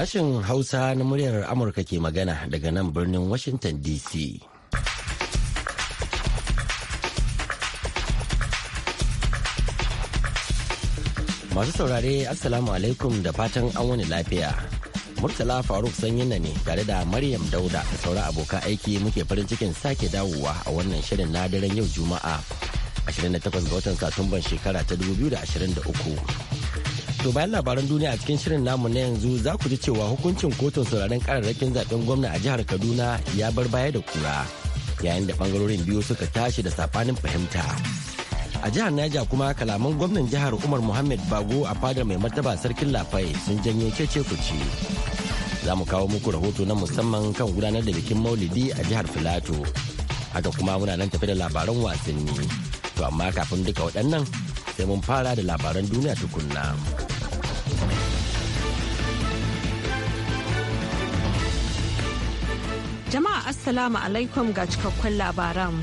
Sashen Hausa na muryar Amurka ke magana daga nan birnin Washington DC. Masu saurare Assalamu alaikum da fatan an wani lafiya. Murtala Faruk Sanyina ne tare da Maryam Dauda da sauran abokan aiki muke farin cikin sake dawowa a wannan shirin na daren yau Juma'a 28 ga watan Satumban shekara ta 2023. To bayan labaran duniya a cikin shirin namu na yanzu za ku ji cewa hukuncin kotun sauraron kararrakin zaben gwamna a jihar Kaduna ya bar baya da kura yayin da bangarorin biyu suka tashi da safanin fahimta. A jihar Niger kuma kalaman gwamnan jihar Umar Muhammad Bago a fadar mai martaba sarkin Lafai sun janyo cece kuce. Za mu kawo muku rahoto na musamman kan gudanar da bikin Maulidi a jihar Filato. Haka kuma muna nan tafi da labaran wasanni. To amma kafin duka waɗannan sai mun fara da labaran duniya tukunna. Jama'a Assalamu alaikum ga cikakkun labaran.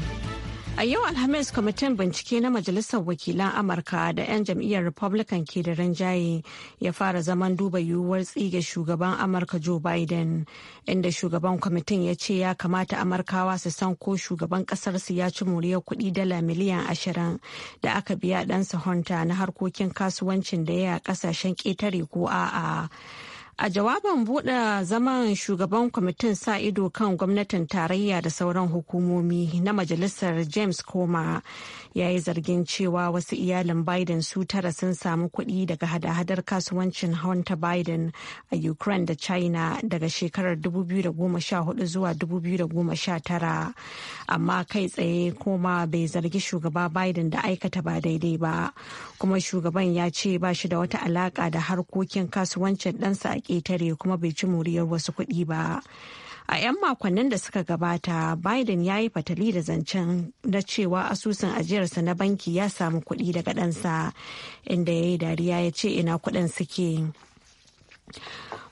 A yau Alhamis kwamitin bincike na Majalisar Wakilan Amurka da 'yan jam'iyyar Republican ke da rinjaye ya fara zaman duba yiwuwar tsige shugaban Amurka Joe Biden, inda shugaban kwamitin ya ce ya kamata Amurkawa su san ko shugaban kasarsu ya ci moriyar kuɗi dala miliyan ashirin da aka biya ɗansa Hunter na harkokin kasuwancin da ya a ƙasashen ƙetare ko a'a. A jawaban buɗe zaman shugaban kwamitin sa ido kan gwamnatin tarayya da sauran hukumomi na majalisar James Koma ya yi zargin cewa wasu iyalin Biden su tara sun samu kuɗi daga hada-hadar kasuwancin Hunter Biden a Ukraine da China daga shekarar 2014 zuwa 2019. Amma kai tsaye Koma bai zargi shugaba Biden da aikata ba daidai ba. Kuma shugaban ya ce ba shi da wata alaƙa da harkokin kasuwancin ɗansa a ƙetare kuma bai ci moriyar wasu kuɗi ba. A 'yan makonnin da suka gabata, Biden ya yi fatali da zancen na cewa asusun ajiyarsa na banki ya samu kuɗi daga ɗansa, inda ya yi dariya ya ce ina kuɗin suke.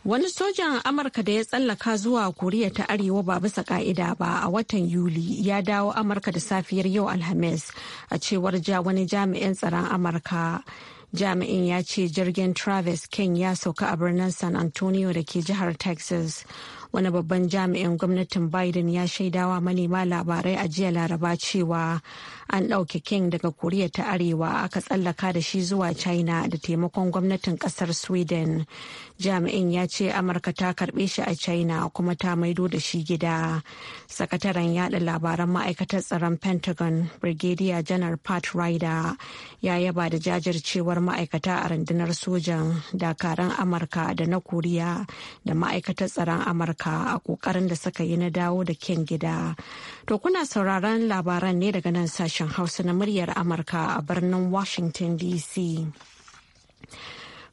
Wani sojan Amurka da ya tsallaka zuwa Koriya ta Arewa ba bisa ka'ida ba a watan Yuli ya dawo Amurka da safiyar yau Alhamis a cewar wani jami'in tsaron Amurka. jami'in ya ce jirgin travis king ya sauka a birnin san antonio da ke jihar texas wani babban jami'in gwamnatin biden ya shaidawa manema labarai a jiya laraba cewa an ɗauke king daga koriya ta arewa aka tsallaka da shi zuwa china da taimakon gwamnatin ƙasar sweden jami'in ya ce amurka ta karɓe shi a china kuma ta maido da shi gida sakataren yada labaran ma'aikatar tsaron pentagon brigadier janar pat ryder ya yaba da jajircewar ma'aikata a rundunar sojan dakaran amurka da na koriya da ma'aikatar tsaron amurka haka a kokarin da suka yi na dawo da kyan gida to kuna sauraron labaran ne daga nan sashen hausa na muryar amurka a birnin washington dc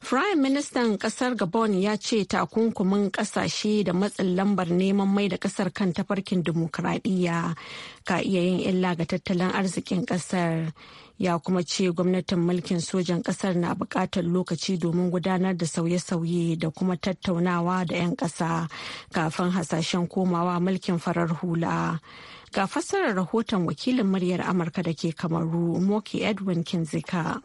Firayim Ministan kasar Gabon ya ce takunkumin kasashe da matsin lambar neman mai da kasar kan tafarkin dimokuraɗiyya ka iya yin illa ga tattalin arzikin kasar. ya kuma ce gwamnatin mulkin sojan kasar na buƙatar lokaci domin gudanar da sauye-sauye da kuma tattaunawa da 'yan ƙasa kafin hasashen komawa mulkin farar hula ga fassarar rahoton wakilin muryar amurka da ke kamaru moki edwin kinzika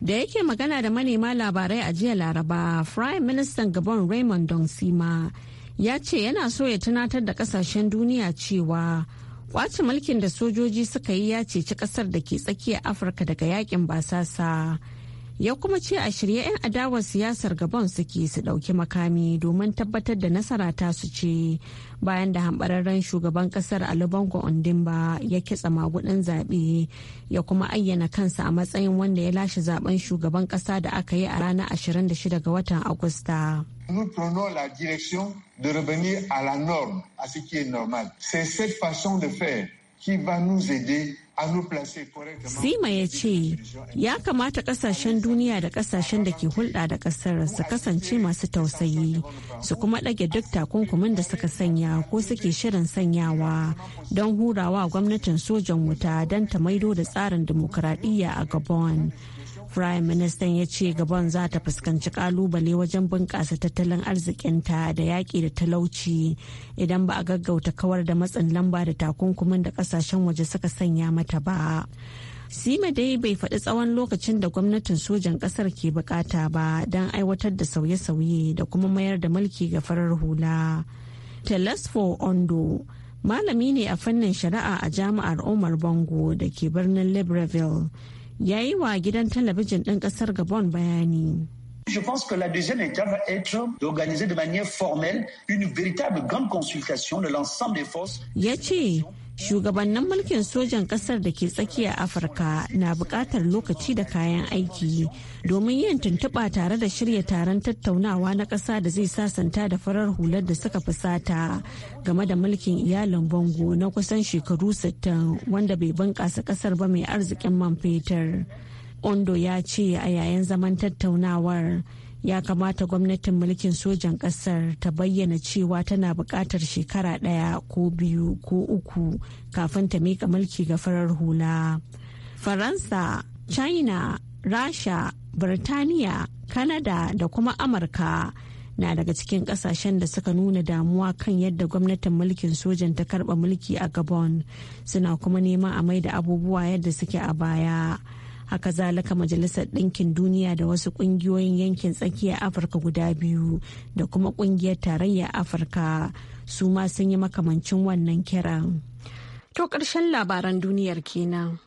da yake magana da manema labarai a jiya laraba prime minister gabon raymond don sima ya ce yana so ya tunatar da kasashen duniya cewa Kwace mulkin da sojoji suka yi ya ceci kasar da ke tsakiyar Afirka daga yakin basasa. Ya kuma ce a shirye 'yan adawar siyasar Gabon suke su ɗauki makami domin tabbatar da nasara ta su ce bayan da hambararren shugaban kasar Alubango Ondimba ya kitsa magudin zaɓe ya kuma ayyana kansa a matsayin wanda ya lashe zaben shugaban ƙasa da aka yi a ranar 26 ga watan Agusta. de revenir à la norme, à ce qui est normal. C'est cette façon de faire qui va nous aider Sima ya ce, ya kamata kasashen duniya da kasashen da ke hulɗa da ƙasar su kasance masu tausayi, su kuma ɗage duk takunkumin da suka sanya ko suke shirin sanyawa don hurawa gwamnatin sojan wuta don ta maido da tsarin dimokuraɗiyya a Gabon. Prime Minister ya ce Gabon za ta fuskanci kalubale wajen bunƙasa tattalin arzikinta da yaƙi da talauci idan ba a gaggauta kawar da matsin lamba da takunkumin da ƙasashen waje suka sanya mata ba. Sima dai bai faɗi tsawon lokacin da gwamnatin sojan ƙasar ke buƙata ba don aiwatar da sauye-sauye da kuma mayar da mulki ga farar hula. Telesfo Ondo malami ne a fannin shari'a a jami'ar Omar Bongo da ke birnin Libreville. ya yi wa gidan talabijin ɗin ƙasar Gabon bayani. Je pense que la deuxième étape va être d'organiser de manière formelle une véritable grande consultation de l'ensemble des forces. Ya ce, shugabannin mulkin sojan kasar da ke tsakiya afirka na buƙatar lokaci da kayan aiki domin yin tuntuɓa tare da shirya taron tattaunawa na ƙasa da zai sasanta da farar hular da suka fusata game da mulkin iyalin bango na kusan shekaru 60 wanda bai bunƙasa ƙasar ba mai arzikin man fetur ondo ya ce a yayin zaman tattaunawar ya kamata gwamnatin mulkin sojan ƙasar ta bayyana cewa tana buƙatar shekara ɗaya ko biyu ko uku kafin ta miƙa mulki ga farar hula. Faransa, China, Rasha, Birtaniya, Kanada da kuma Amurka na daga cikin ƙasashen da suka nuna damuwa kan yadda gwamnatin mulkin sojan ta karɓa mulki a Gabon suna kuma neman a da abubuwa yadda suke a baya. haka zalika majalisar ɗinkin duniya da wasu ƙungiyoyin yankin tsakiyar afirka guda biyu da kuma ƙungiyar tarayyar afirka su ma sun yi makamancin wannan kiran to ƙarshen labaran duniyar kenan.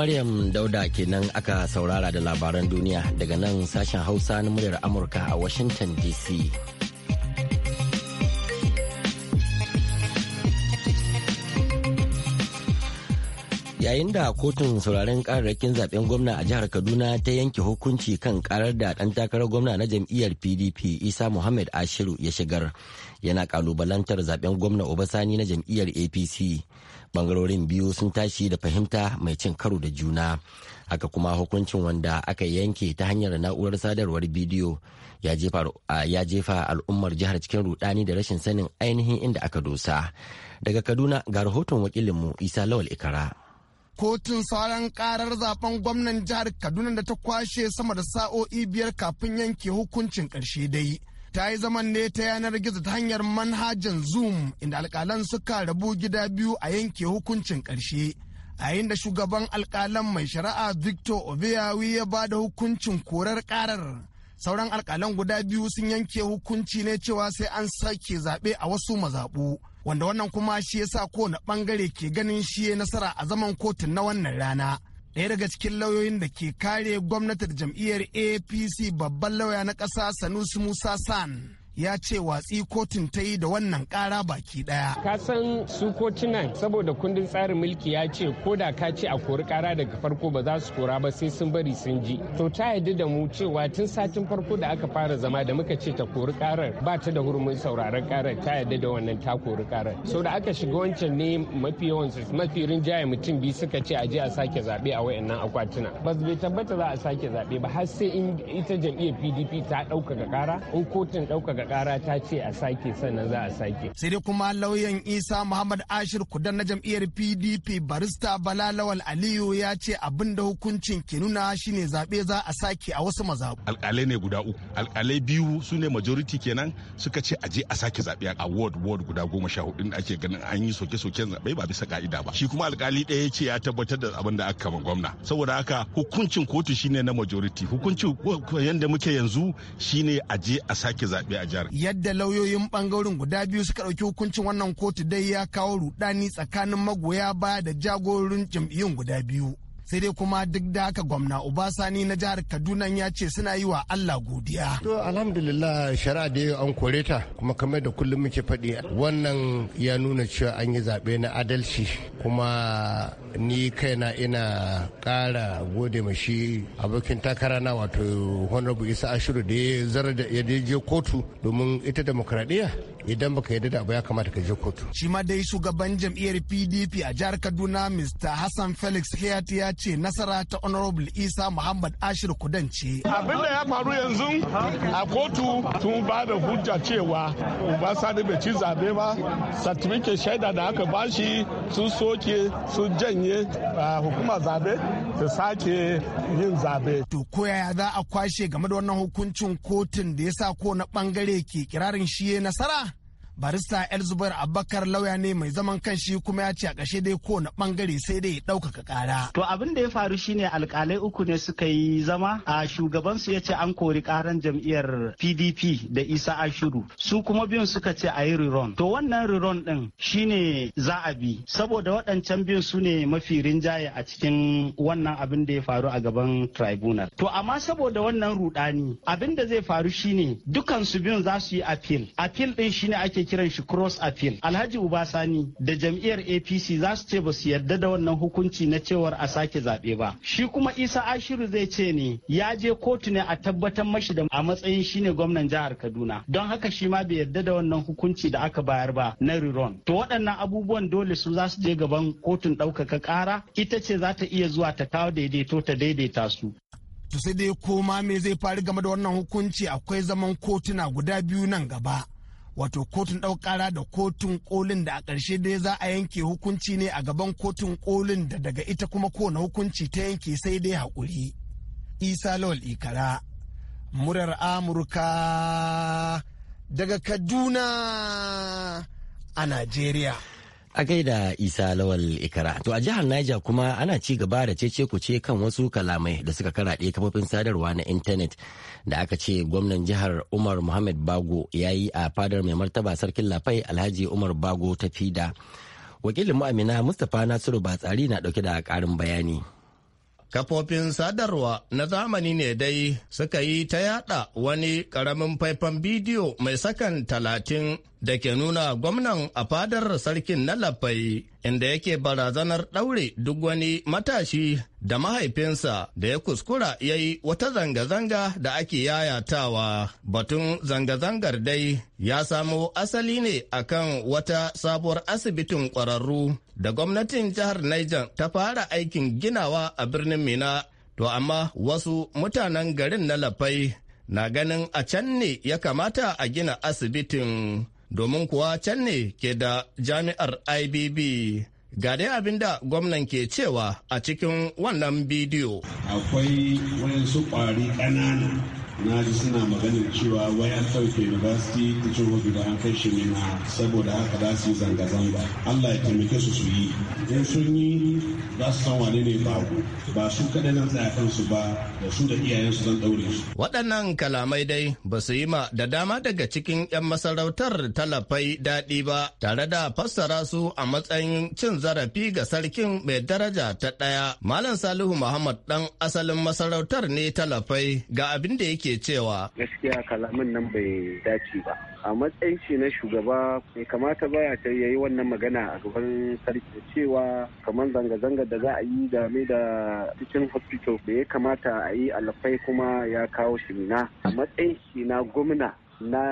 Maryam Dauda kenan aka saurara da labaran duniya daga nan sashen Hausa na muryar Amurka a Washington DC. yayin da kotun sauraren kararrakin zaben gwamna a jihar kaduna ta yanke hukunci kan karar da ɗan takarar gwamna na jam'iyyar pdp isa muhammad ashiru ya shigar yana kalubalantar zaben gwamna obasani na jam'iyyar apc bangarorin biyu sun tashi da fahimta mai cin karo da juna haka kuma hukuncin wanda aka yanke ta hanyar na'urar sadarwar bidiyo ya jefa al'ummar jihar cikin rudani da rashin sanin ainihin inda aka dosa daga kaduna ga rahoton wakilinmu isa lawal ikara kotun sauran karar zaben gwamnan jihar kaduna da ta kwashe sama da sa'o'i biyar kafin yanke hukuncin karshe dai ta yi zaman ne ta yanar gizo ta hanyar manhajan zoom inda alkalan suka rabu gida biyu a yanke hukuncin ƙarshe yayin da shugaban alkalan mai shari'a victor obiyawi ya ba da hukuncin korar karar sauran alkalan guda biyu sun yanke hukunci ne cewa sai an sake zaɓe a wasu mazaɓu wanda wannan kuma shi ya yasa kowane ɓangare ke ganin shi ya nasara a zaman kotun na wannan rana ɗaya daga cikin lauyoyin da ke kare gwamnatin jam'iyyar apc babban lauya na ƙasa sanusi musa san ya ce watsi kotun ta yi da wannan kara baki daya. Ka san su kotunan saboda kundin tsarin mulki ya ce ko da ka ce a kori kara daga farko ba za su kora ba sai sun bari sun ji. To ta yadda da mu cewa tun satin farko da aka fara zama da muka ce ta kori karar ba ta da hurumin sauraron karar ta yadda da wannan ta kori karar. So da aka shiga wancan ne mafi yawan mafi rinjaye mutum biyu suka ce a je a sake zaɓe a wayannan akwatuna. Ba bai tabbata za a sake zaɓe ba har sai in ita jam'iyyar PDP ta ɗaukaka kara in kotun ɗaukaka daga kara ta ce a sake sannan za a sake. sai dai kuma lauyan isa muhammad ashir kudan na jam'iyyar pdp barista bala lawal aliyu ya ce abin da hukuncin ke nuna shine zaɓe za a sake a wasu mazaɓu. alƙalai ne guda uku alƙalai biyu su ne majority kenan suka ce a je a sake zaɓe a ward ward guda goma sha hudu da ake ganin an yi soke-soken zaɓe ba bisa ka'ida ba shi kuma alƙali ɗaya ce ya tabbatar da abin da aka kama gwamna saboda haka hukuncin kotu shine na majority hukuncin yadda muke yanzu shine a je a sake zaɓe a jihar. Yadda lauyoyin bangarorin guda biyu suka ɗauki hukuncin wannan kotu dai ya kawo rudani tsakanin magoya baya da jagororin jam'iyyun guda biyu. sai dai kuma duk da haka gwamna Obasani na jihar Kaduna ya ce suna yi wa Allah godiya. To alhamdulillah shari'a da yau an kore ta kuma kamar da kullum muke faɗi wannan ya nuna cewa an yi zaɓe na adalci kuma ni kaina ina ƙara gode ma shi abokin takara na wato Honorable Isa Ashiru da ya je kotu domin ita demokradiyya idan baka yarda da abu ya kamata ka je kotu shi ma dai shugaban jam'iyyar PDP a jihar Kaduna Mr Hassan Felix Hayat ya ce nasara ta honorable Isa Muhammad Ashir Kudan ce abin da ya faru yanzu a kotu sun ba da hujja cewa Obasani bai ci zabe ba certificate shaida da aka shi sun soke sun janye hukuma zabe su sake yin zabe to koyaya za a kwashe game da wannan hukuncin kotun da ya sa ko na bangare ke kirarin shi nasara barista el zubair abubakar lauya ne mai zaman kanshi kuma ya ce a ƙashe dai kowane bangare sai dai ya ɗaukaka kara. to abin da ya faru shine alƙalai uku ne suka yi zama a shugaban su ya ce an kori ƙaran jam'iyyar pdp da isa ashuru su kuma biyun suka ce a yi riron to wannan riron din shine za a bi saboda waɗancan biyun su ne mafi rinjaye a cikin wannan abin da ya faru a gaban tribunal to amma saboda wannan rudani abin da zai faru shine dukansu biyun za su yi appeal appeal ɗin shine ake kiran shi cross appeal alhaji uba sani da jam'iyyar apc za su ce ba su yarda da wannan hukunci na cewar a sake zaɓe ba shi kuma isa ashiru zai ce ne ya je kotu ne a tabbatar mashi da a matsayin shine gwamnan jihar kaduna don haka shi ma bai yarda da wannan hukunci da aka bayar ba na riron to waɗannan abubuwan dole su za su je gaban kotun ɗaukaka ƙara ita ce za ta iya zuwa ta kawo daidaito ta daidaita su to sai dai koma me zai faru game da wannan hukunci akwai zaman kotuna guda biyu nan gaba wato kotun ɗaukara da kotun kolin da a ƙarshe dai za a yanke hukunci ne a gaban kotun kolin da daga ita kuma kowane hukunci ta yanke sai dai haƙuri isa lawal ikara murar amurka daga kaduna a najeriya A da Isa Lawal Ikara. To a jihar Niger kuma ana ci gaba da cece kuce kan wasu kalamai da suka karaɗe kafofin sadarwa na intanet da aka ce gwamnan jihar Umar Muhammad Bago ya yi a fadar mai martaba sarkin lafai Alhaji Umar Bago ta fida. Wakilin mu'amina Mustapha Nasiru Batsari na ɗauke da ƙarin bayani. kafofin sadarwa na zamani ne dai suka yi ta yada wani karamin faifan bidiyo mai sakan talatin da ke nuna gwamnan a fadar sarkin na lafai inda yake barazanar ɗaure duk wani matashi da mahaifinsa da ya kuskura ya yi wata zanga-zanga da ake yayatawa batun zanga-zangar dai ya samo asali ne akan wata sabuwar asibitin ƙwararru da gwamnatin jihar Niger ta fara aikin ginawa a birnin Mina to amma wasu mutanen garin na lafai na ganin a can ne ya kamata a gina asibitin domin kuwa can ne ke da jami'ar ibb ga dai abin da gwamnan ke cewa a cikin wannan bidiyo akwai wayansu kwari ƙanana na ji suna maganin cewa wai an ɗauke university teaching da an kai shi ne na saboda haka za su yi zanga-zanga allah ya taimake su su yi in sun yi za su san wane ne ku ba su kaɗai nan tsaya kansu ba da su da iyayensu zan ɗaure su. waɗannan kalamai dai ba su yi ma da dama daga cikin 'yan masarautar talafai daɗi ba tare da fassara su a matsayin cin zarafi ga sarkin mai daraja ta ɗaya malam salihu muhammad ɗan asalin masarautar ne talafai ga abin da yake ke cewa gaskiya kalamin nan bai dace ba a matsayin shi na shugaba bai kamata ba ya ta yayi wannan magana a gaban sarki cewa kamar zanga-zanga da za a yi game da cikin hospital da ya kamata a yi alfai kuma ya kawo shi na a matsayin shi na gwamna na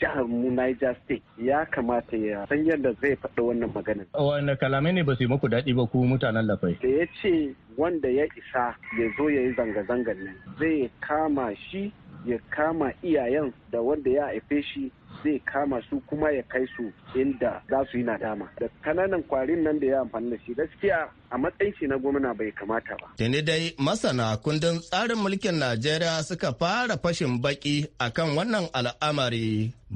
jihar mu Niger State ya kamata ya san yadda zai faɗi wannan maganin. Wanda kalame ne ba su yi muku daɗi ba ku mutanen lafai. Da ya ce wanda ya isa ya zo ya yi zanga zangar nan zai kama shi ya kama iyayen da wanda ya haife shi zai kama su kuma ya kai su inda za su yi nadama da kananan kwarin nan da ya amfani da shi gaskiya a matsayin shi na gwamna bai kamata ba. Tuni dai masana kundin tsarin mulkin Najeriya suka fara fashin baki akan wannan al'amari.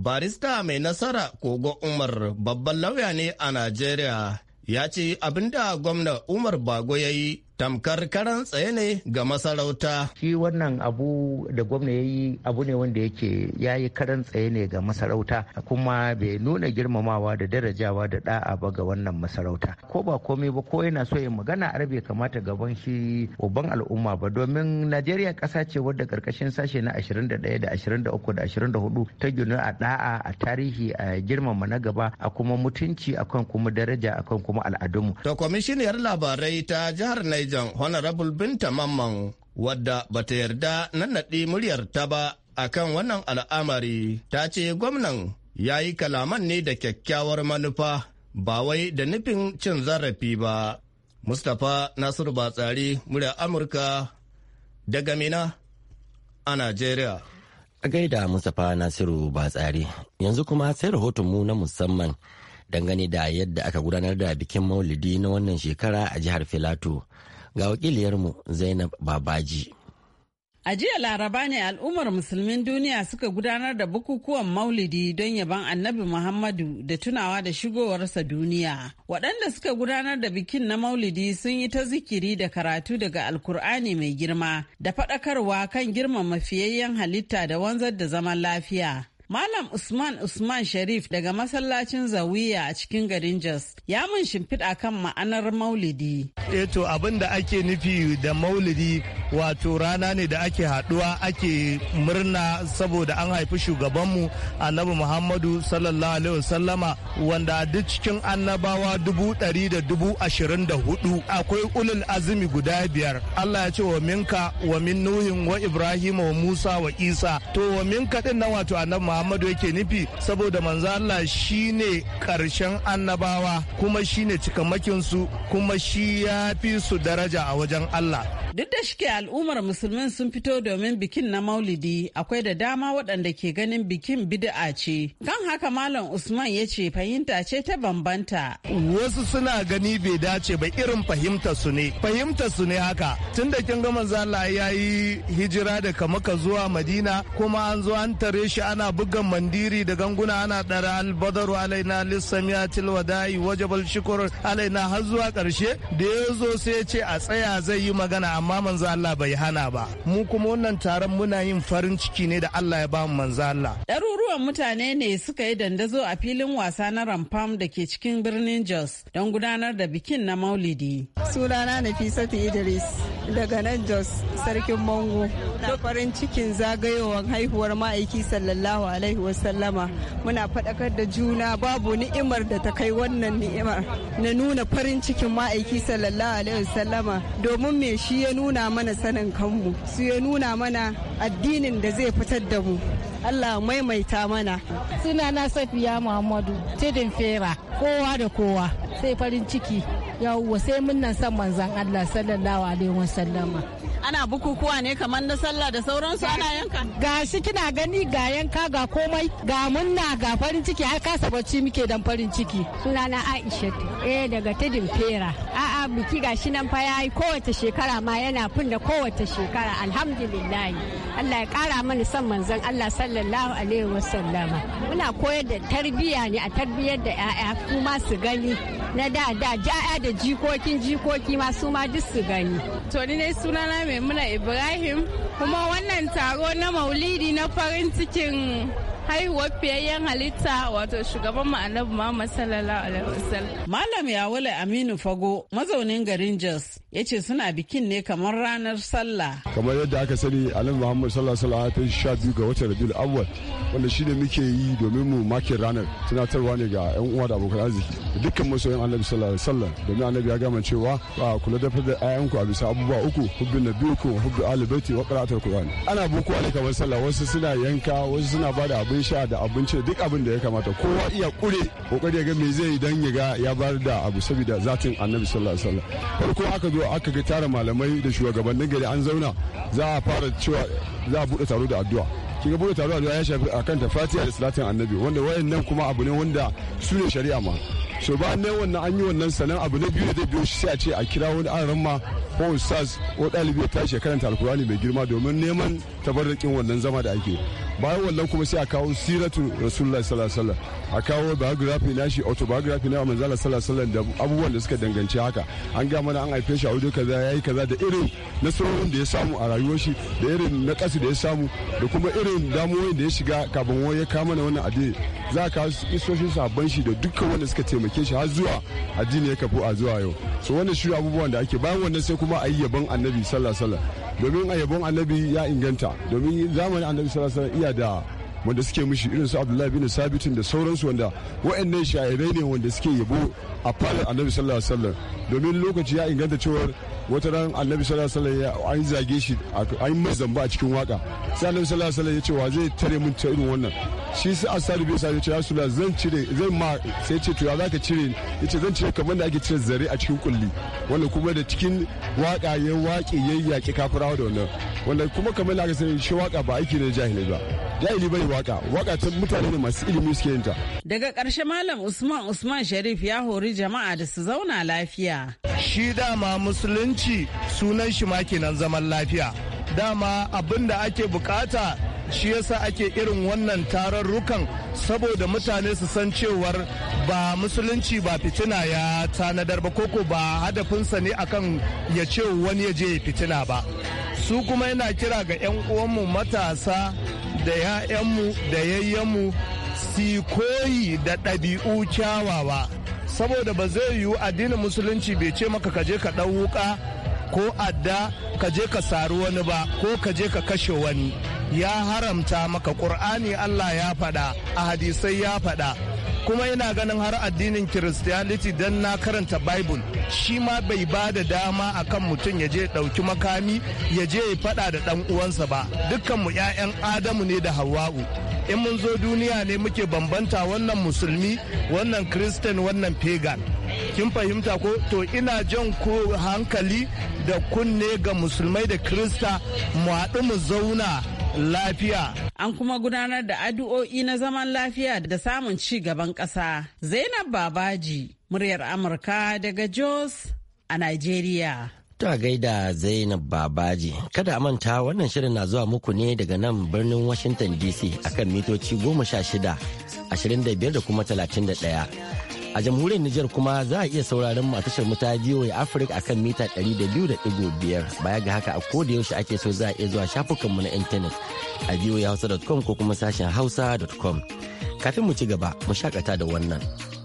Barista mai nasara Kogo Umar babban lauya ne a Najeriya ya ce abinda gwamna Umar Bago ya yi tamkar karan tsaye ne ga masarauta. Shi wannan abu da gwamna ya yi abu ne wanda yake ya yi karan tsaye ne ga masarauta kuma bai nuna girmamawa da darajawa da da'a ba ga wannan masarauta. Ko ba komai ba ko yana so ya magana arabe kamata gaban shi uban al'umma ba domin Najeriya ƙasa ce wadda karkashin sashe na 21 da 23 da 24 ta gina a da'a a tarihi a girmama na gaba a kuma mutunci akan kuma daraja akan kuma al'adunmu. To kwamishiniyar labarai ta jihar Niger dattijan Honorable Binta Mamman wadda bata yarda na muryar muryarta ba a kan wannan al'amari ta ce gwamnan ya yi kalaman ne da kyakkyawar manufa ba wai da nufin cin zarafi ba. Mustapha Nasiru Batsari murya Amurka daga Mina a Najeriya. A gaida Mustapha Nasiru Batsari yanzu kuma sai rahotonmu na musamman dangane da yadda aka gudanar da bikin maulidi na wannan shekara a jihar Filato Ga wakiliyarmu Zainab Babaji. A jiya Laraba ne al'ummar musulmin duniya suka gudanar da bukukuwan maulidi don yaban annabi Muhammadu da tunawa da shigowarsa duniya. Waɗanda suka gudanar da bikin na maulidi sun yi ta zikiri da karatu daga Alkur'ani mai girma da faɗakarwa kan girmama fiyayyen halitta da wanzar da zaman lafiya. Malam Usman Usman Sharif daga masallacin Zawiya a cikin garin Jos ya mun shimfiɗa kan ma'anar maulidi. Eto eh abin da ake nufi da maulidi wato rana ne da ake haɗuwa ake murna saboda an haifi shugabanmu annabi Muhammadu sallallahu alaihi wasallama wanda duk cikin annabawa dubu ɗari da dubu ashirin da hudu akwai ulul azumi guda biyar. Allah ya ce wa minka wa min Nuhin wa Ibrahim wa Musa wa Isa to wa minka ɗin na wato annabi Muhammadu yake nufi saboda manzo Allah shine karshen annabawa kuma shine cikamakin su kuma shi ya fi su daraja a wajen Allah Duk da shike al'ummar musulmin sun fito domin bikin na maulidi akwai da dama waɗanda ke ganin bikin bid'a ce. Kan haka Malam Usman ya ce fahimta ce ta bambanta. Wasu suna gani bai dace ba irin fahimta su ne. Fahimta su ne haka. Tun da kin gama manzo Allah ya yi hijira daga Makka zuwa Madina kuma an zo an tare shi ana buga mandiri da ganguna ana ɗara albadaru alaina lissamiyatil wada'i wajabal shukur alaina har zuwa ƙarshe da ya zo sai ce a tsaya zai yi magana amma manzo Allah bai hana ba mu kuma wannan taron muna yin farin ciki ne da Allah ya mu manzo Allah ɗaruruwan mutane ne suka yi dandazo a filin wasa na Rampam da ke cikin birnin Jos don gudanar da bikin na Maulidi sunana Nafisatu Idris daga nan Jos sarkin Mango na farin cikin zagayowar haihuwar ma'aiki sallallahu alaihi wasallama muna faɗakar da juna babu ni'imar da ta kai wannan ni'imar na nuna farin cikin ma'aiki sallallahu alaihi wasallama domin me shi ya nuna mana sanin kanmu su ya nuna mana addinin da zai fitar da mu Allah maimaita mana suna na safiya muhammadu tidin fera kowa da kowa sai farin ciki yawwa sai mun san manzan Allah sallallahu alaihi wasallama ana bukukuwa ne kamar na sallah da sauransu ana yanka ga shi kina gani ga yanka ga komai ga munna ga farin ciki har kasa bacci muke dan farin ciki sunana Aisha eh daga tudun fera a'a biki ga shi nan fa yayi kowace shekara ma yana fin da kowace shekara alhamdulillah Allah ya kara mana son manzon Allah sallallahu alaihi wasallama muna koyar da tarbiyya ne a tarbiyar da 'ya'ya kuma su gani na da da ja'a da jikokin jikoki ma su ma duk su gani to ni ne sunana maimuna ibrahim kuma wannan taro na maulidi na farin cikin haihuwar fiyayyen halitta wato shugaban mu annabi Muhammad sallallahu alaihi wasallam. Malam Yawale Aminu Fago mazaunin garin Jos ya ce suna bikin ne kamar ranar sallah. Kamar yadda aka sani Annabi Muhammad sallallahu alaihi wasallam ya sha biyu ga watan Rabiul Awwal wanda shi ne muke yi domin mu makin ranar tunatarwa ne ga yan uwa da abokan arziki dukkan masoyan Annabi sallallahu alaihi wasallam domin Annabi ya gama cewa kula da fadar ku a bisa abubuwa uku hubbin nabiyukum hubbi ahli baiti wa qira'atul Qur'an. Ana boko alaikum sallah wasu suna yanka wasu suna bada abu abin sha da abinci duk abin da ya kamata kowa iya kure kokari ga me zai dan ya ga ya bar da abu saboda zatin annabi sallallahu alaihi wasallam farko aka zo aka ga tara malamai da shugabannin gari an zauna za a fara cewa za a bude taro da addu'a ga bude taro da addu'a ya shafi akan ta fatiha da salatin annabi wanda wayannan kuma abu ne wanda su ne shari'a ma so ba ne wannan an yi wannan sanan abu na biyu da biyo shi sai a ce a kira wani aran ma ko ustaz ko dalibi ta shi karanta alkurani mai girma domin neman tabarrakin wannan zama da ake bayan wannan kuma sai a kawo siratu rasulullah sallallahu alaihi a kawo biography na shi autobiography na manzo sallallahu alaihi da abubuwan da suka danganci haka an ga mana an haife shi a wajen kaza yayi kaza da irin nasarorin da ya samu a rayuwar shi da irin nakasu da ya samu da kuma irin damuwoyin da ya shiga kafin ya kama na wannan addini za ka kawo isoshin sabon shi da dukkan wanda suka taimake shi har zuwa addini ya kafu a zuwa yau so wanda shi abubuwan da ake bayan wannan sai kuma a yi yabon annabi sallallahu alaihi domin a yabon annabi ya inganta domin zamanin annabi sallallahu alaihi iya da wanda suke mishi irin su abdullahi bin sabitin da sauransu wanda wa'annan sha'irai ne wanda suke yabo a fadar annabi sallallahu alaihi wasallam domin lokaci ya inganta cewar wata ran annabi sallallahu alaihi wasallam an zage shi an mai zamba a cikin waka sai annabi sallallahu alaihi wasallam ya ce wa zai tare mun ta irin wannan shi sai asadu bai sa ya ce rasulullah zan cire zan ma sai ce to ya zaka cire ya ce zan cire kamar da ake cire zare a cikin kulli wanda kuma da cikin waka ya waƙe ya yaƙi kafirawa da wannan wanda kuma kamar da aka sani shi waka ba aiki ne jahilai ba jahili bane waka waka ta mutane ne masu ilimi suke yin ta daga ƙarshe malam usman usman sharif ya hori jama'a da su zauna lafiya shi dama musulunci sunan shi ma kenan zaman lafiya dama abin da ake bukata shi yasa ake irin wannan tararrukan saboda mutane su san cewar ba musulunci ba fitina ya tanadar ba koko ba hadafinsa ne akan ya ce wani ya je fitina ba su kuma yana kira ga 'yan uwanmu matasa da 'ya'yanmu da yayyanmu si koyi da ɗabi'u kyawawa saboda ba zai yiwu addinin musulunci bai ce maka ka je ka ɗan wuka ko adda ka je ka sari wani ba ko ka je ka kashe wani ya haramta maka ƙur'ani allah ya faɗa a hadisai ya faɗa kuma ina ganin har addinin christianity don na karanta bible shi ma bai ba da dama akan mutum ya je ɗauki makami ya je ya faɗa da ɗan uwansa ba dukkanmu 'ya'yan adamu ne da hawa'u in mun zo duniya ne muke bambanta wannan musulmi wannan kristan wannan pagan kin fahimta ko to ina jan ko hankali da kunne ga musulmai da krista mu haɗu mu zauna lafiya. An kuma gudanar da addu'o'i na zaman lafiya da samun ci gaban ƙasa. Zainab Babaji, muryar Amurka daga Jos a Najeriya. Ta gaida Zainab Babaji, kada a manta wannan shirin na zuwa muku ne daga nan birnin Washington DC akan mitoci goma sha shida, ashirin da biyar da kuma talatin da ɗaya. A jamhuriyar Nijar kuma za a iya sauraron mu a tashar mu ta VOA Africa kan mita 200.5 baya ga haka a da yaushe ake so za a iya zuwa shafukanmu na intanet a voahausa.com ko kuma sashen hausa.com. Kafin mu ci gaba mu shakata da wannan.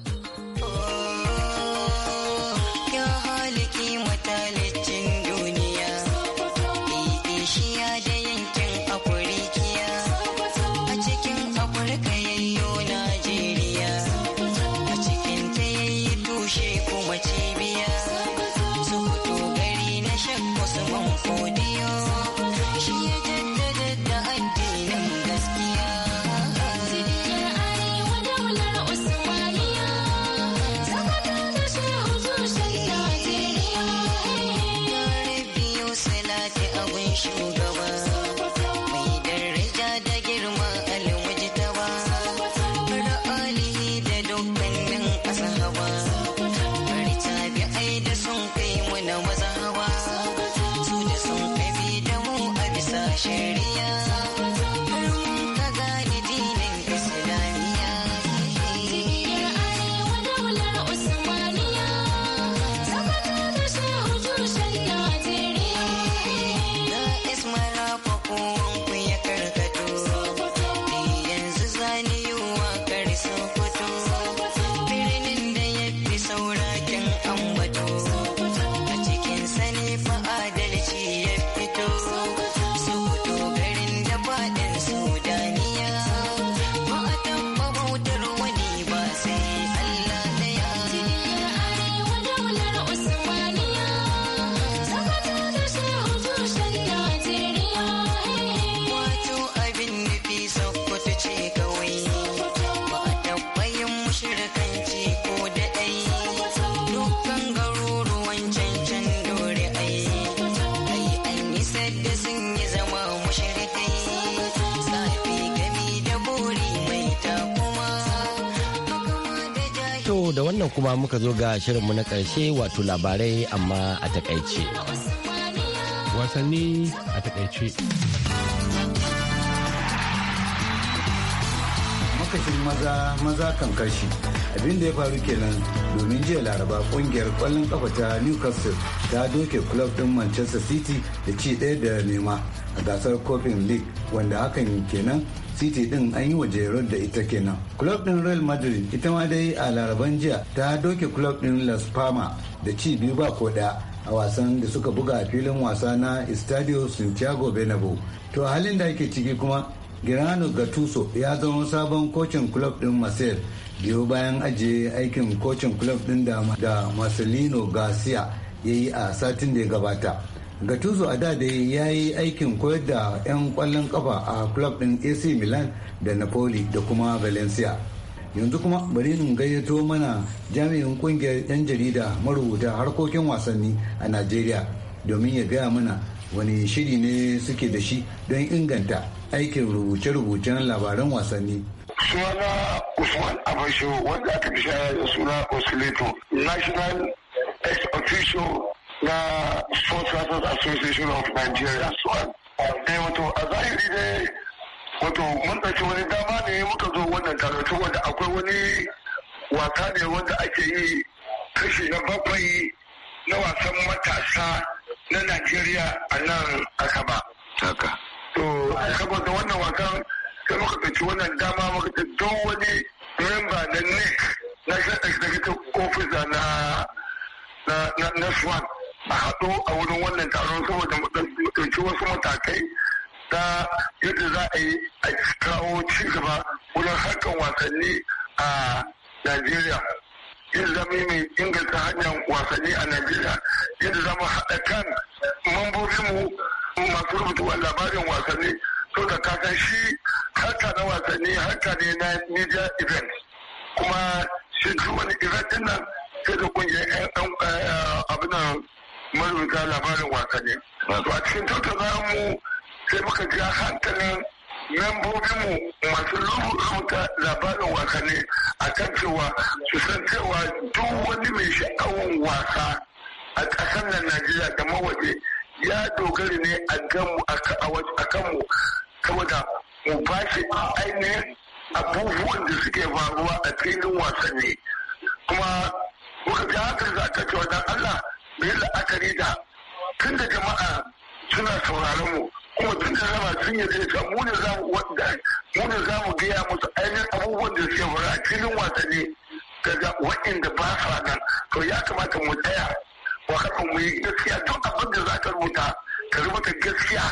sa shirya wannan kuma muka zo ga shirinmu na ƙarshe wato labarai amma a takaice. Wasanni a takaice. Makashin maza maza kan kashi abin da ya faru kenan domin jiya laraba ƙungiyar kwallon ƙafa ta newcastle ta doke club din manchester city da ci ɗaya da nema a gasar kofin league wanda hakan kenan city din an yi wa jerod da ita kenan club din real madrid ita ma dai a laraban jiya ta doke club din las palma da ci biyu ba ko daya a wasan da suka buga a filin wasa na estadio santiago benabo to halin da ake ciki kuma girano tuso ya zama sabon kocin club din marcel biyu bayan ajiye aikin kocin club din da marcelino garcia ya yi a satin da ya gabata Gattuso a da dai ya yi aikin koyar da 'yan kwallon kafa a club ɗin AC Milan da Napoli da kuma Valencia. Yanzu kuma bari in gayyato mana jami'in kungiyar 'yan jarida marubuta harkokin wasanni a Najeriya domin ya gaya mana wani shiri ne suke da shi don inganta aikin rubuce-rubucen labaran wasanni. Suna Usman Abasho wanda aka fi shaya da suna Osileto, National Ex-Official na Sports Writers Association of Nigeria so um, eh wato a zahiri dai wato mun ɗauki wani dama ne muka zo wannan karatu wanda akwai wani wasa ne wanda ake yi kashi na bakwai na wasan matasa na Najeriya a nan Akaba. Haka. To, saboda wannan wasan sai muka ɗauki wannan dama muka ce don wani memba na NEC, National Executive Officer na na, na, a haɗu a wurin wannan taron saboda mu ɗauki wasu matakai ta yadda za a yi a kawo ci gaba wurin harkar wasanni a Najeriya. Yadda za yi mai inganta hanyar wasanni a Najeriya, yadda za mu haɗa kan mambobinmu masu rubutu a labarin wasanni, to da kasan shi harka na wasanni harka ne na media event. Kuma shi wani event nan sai da kungiyar abin marubuta labarin wasanni. a cikin tattaunawa mu sai muka ja hankalin membobinmu masu rubuta labarin wasanni a kan cewa su san cewa duk wani mai sha'awun wasa a ƙasar nan Najeriya da mawaje ya dogara ne a kanmu saboda mu ba shi ainihin abubuwan da suke faruwa a filin wasanni kuma muka ji haka za ka ce dan Allah mu yi la'akari da tun da jama'a suna sauraron mu kuma tun da zama sun yi zai mu ne za mu mu ne za mu gaya musu ainihin abubuwan da suke fara a filin wasanni daga waɗanda ba sa nan to ya kamata mu tsaya wakatan mu yi gaskiya duk abin da za ka rubuta ka rubuta gaskiya.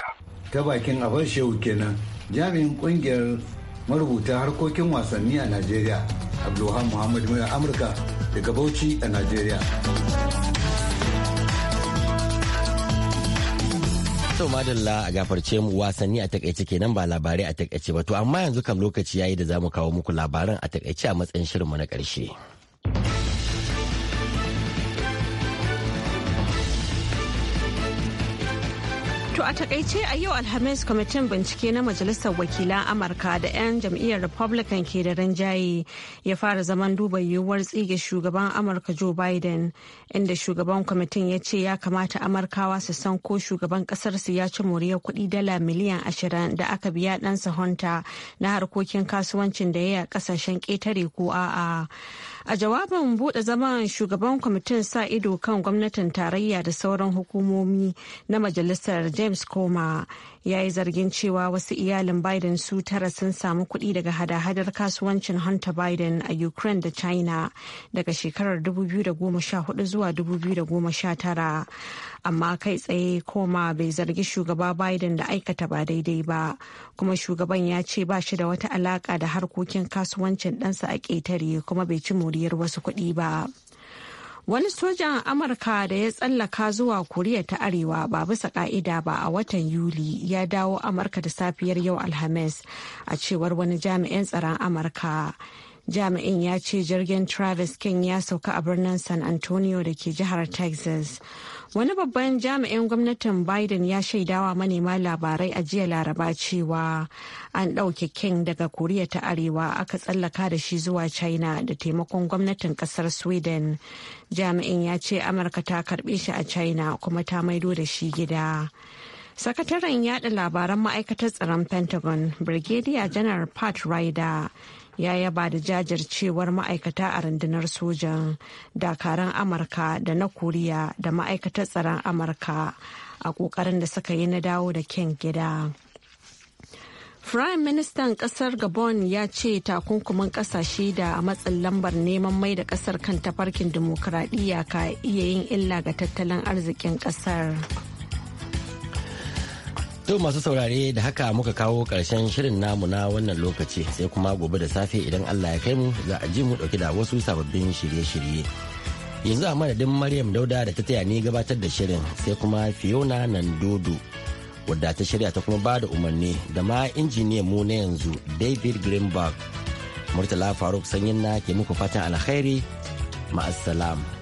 ta bakin abin shehu kenan jami'in kungiyar marubuta harkokin wasanni a najeriya abdulhan muhammad mai amurka daga bauchi a najeriya. sau madalla a gafarce mu wasanni a takaice kenan ba labarai a takaice ba to amma yanzu kam lokaci yayi da zamu kawo muku labaran a takaice a matsayin shirinmu na karshe. To a takaice a yau Alhamis kwamitin bincike na Majalisar Wakilan Amurka da 'yan jam'iyyar Republican ke da rinjaye ya fara zaman duba yiwuwar tsige shugaban Amurka Joe Biden inda shugaban kwamitin ya ce ya kamata Amurkawa su san ko shugaban kasarsu ya ci moriyar kuɗi dala miliyan ashirin da aka biya ɗansa Hunter na harkokin kasuwancin da ya yi a ƙasashen ƙetare ko a'a. A jawabin buɗe zaman shugaban kwamitin sa ido kan gwamnatin tarayya da sauran hukumomi na majalisar James coma ya yi zargin cewa wasu iyalin Biden su tara sun samu kuɗi daga hada-hadar kasuwancin Hunter Biden a Ukraine da China daga shekarar 2014 zuwa 2019. amma kai tsaye koma bai zargi shugaba biden da aikata ba daidai ba kuma shugaban ya ce ba shi da wata alaka da harkokin kasuwancin ɗansa a ƙetare kuma bai ci moriyar wasu kuɗi ba wani sojan amurka da ya tsallaka zuwa koriya ta arewa ba bisa ka'ida ba a watan yuli ya dawo amurka da safiyar yau alhamis a cewar wani jami'in tsaron amurka jami'in ya ce jirgin travis king ya sauka a birnin san antonio da ke jihar texas wani babban jami'in gwamnatin biden ya shaidawa manema labarai a jiya laraba cewa an ɗauke king daga koriya ta arewa aka tsallaka da shi zuwa china da taimakon gwamnatin kasar sweden jami'in ya ce amurka ta karbe shi a china kuma ta maido da shi gida sakataren yada labaran ma'aikatar tsaron pentagon brigadier general pat ryder ya yaba da jajircewar ma'aikata a rundunar sojan dakaran amurka da na koriya da ma'aikatar tsaron amurka a kokarin da suka yi na dawo da kyan gida Firayim Ministan kasar Gabon ya ce takunkumin kasashe da matsin lambar neman mai da kasar kan tafarkin dimokuraɗiyya ka iya yin illa ga tattalin arzikin kasar. To masu saurare da haka muka kawo karshen shirin namu na wannan lokaci sai kuma gobe da safe idan Allah ya kai mu za a ji mu ɗauke da wasu sababbin shirye-shirye. Yanzu a madadin Maryam Dauda da ta taya ni gabatar da shirin sai kuma Fiona Nandodo wadda ta shirya ta kuma ba da umarni da ma injiniyan mu na yanzu David Greenberg. Murtala Faruk Sanyin na ke muku fatan alkhairi ma'assalam.